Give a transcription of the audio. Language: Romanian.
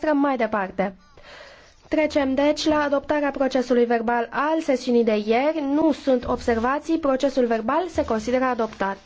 dumneavoastră mai departe. Trecem deci la adoptarea procesului verbal al sesiunii de ieri. Nu sunt observații, procesul verbal se consideră adoptat.